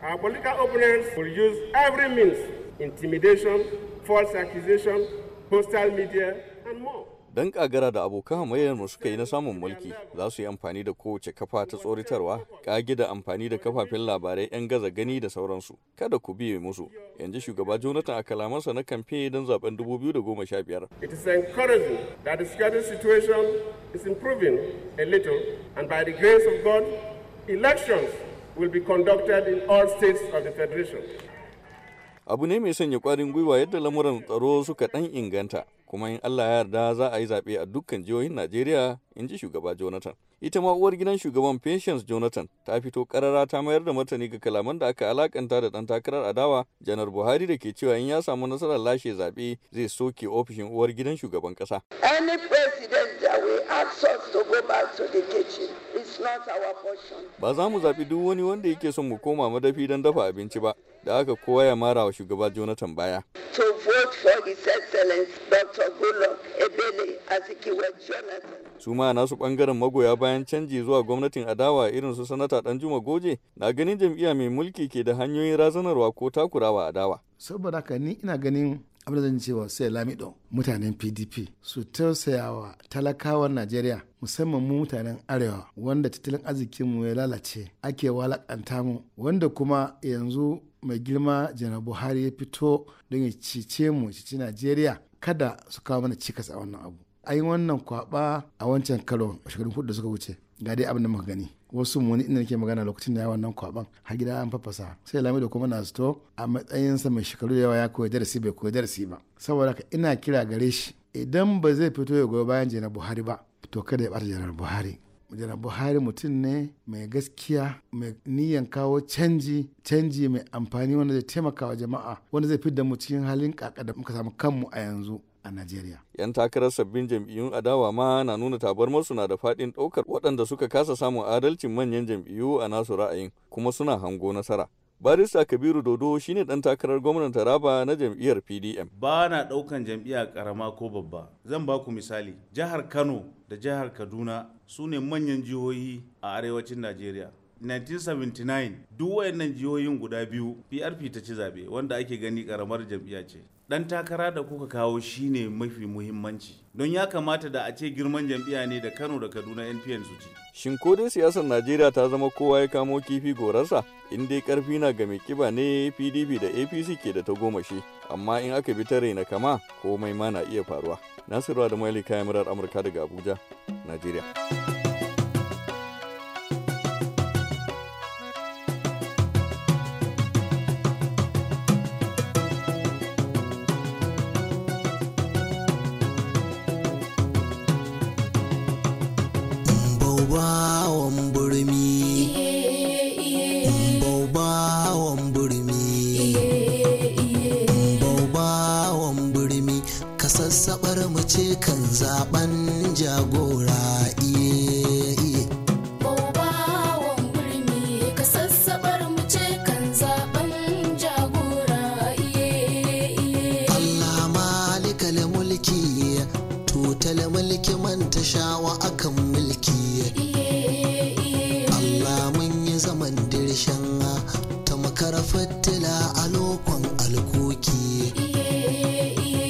Our political opponents will use every means intimidation, false accusation, postal media, and more. Dan kagara da abokan hamayyarmu suka yi na samun mulki za su yi amfani da kowace kafa ta tsoritarwa, kage da amfani da kafafen labarai 'yan gaza gani da sauransu. Kada ku biye musu. Yanzu shugaba Jonathan a kalamansa na kamfe don zaben 2015. It is encouraging that the security situation is improving a little and by the grace of God, elections will be conducted in all states of the Federation. Abu ne mai sanya kwarin gwiwa yadda lamuran tsaro suka dan inganta, kuma in Allah ya yarda za a yi zaɓe a dukkan jihohin Najeriya, in ji shugaba Jonathan. ita ma uwar gidan shugaban patience jonathan ta fito karara ta mayar da martani ga kalaman da aka alakanta da dan takarar adawa janar buhari da ke cewa in ya samu nasarar lashe zaɓe zai soke ofishin uwar gidan shugaban ƙasa ba za mu zaɓi duk wani wanda yake son mu koma madafi don dafa abinci ba da aka koya mara wa shugaba Jonathan baya. To vote for His Dr. Goodluck Ebele Jonathan. Su ma nasu bangaren magoya bayan canji zuwa gwamnatin adawa irin su sanata Danjuma Goje na ganin jam'iyya mai mulki ke da hanyoyin razanarwa ko takurawa adawa. Saboda haka ni ina ganin abin da cewa sai lamido mutanen pdp su tausayawa talakawan najeriya musamman mu mutanen arewa wanda tattalin arzikinmu ya lalace ake walakanta mu wanda kuma yanzu mai girma janar buhari ya fito don ya cice mu cici najeriya kada su kawo mana cikas a wannan abu A yi wannan kwaba a wancan karo shekarun hudu da suka wuce ga dai abin da muka gani wasu muni inda nake magana lokacin da ya wannan kwaban har gida an fafasa sai lami da kuma na zato a matsayinsa mai shekaru da yawa ya koyi darasi bai koyi darasi ba saboda haka ina kira gare shi idan ba zai fito ya goyi bayan janar buhari ba to kada ya bata janar buhari janar buhari mutum ne mai gaskiya mai niyan kawo canji canji mai amfani wanda zai taimaka wa jama'a wanda zai da mu cikin halin kaka da muka samu kanmu a yanzu a Najeriya. 'Yan takarar sabbin jam'iyyun adawa ma na nuna tabarmar na da fadin daukar waɗanda suka kasa samun adalcin manyan jam'iyyu a nasu ra'ayin kuma suna hango nasara. barista kabiru dodo shine dan takarar gwamnan taraba na jam'iyyar pdm ba na daukan jam'iyya karama ko babba zan ba ku misali jihar kano da jihar kaduna su ne manyan jihohi a arewacin najeriya 1979 duk wayannan jihohin guda biyu PRP ta ci zabe wanda ake gani karamar jam'iyya ce dan takara da kuka kawo shine mafi muhimmanci don ya kamata da a ce girman jam'iyya ne da Kano da Kaduna NPN su ci shin ko dai siyasar Najeriya ta zama kowa ya kamo kifi gorarsa in dai karfi na ga mai kiba ne PDP da APC ke da ta goma shi amma in aka bi ta raina kama komai ma na iya faruwa Nasiru da Maili kayan murar Amurka daga Abuja Najeriya bawan burmi bawan burmi bawan burmi ka sassabar mu ce kan zaben jagora iye iye mulki tutal mulki man tashawa akan mulki fitila a lokacin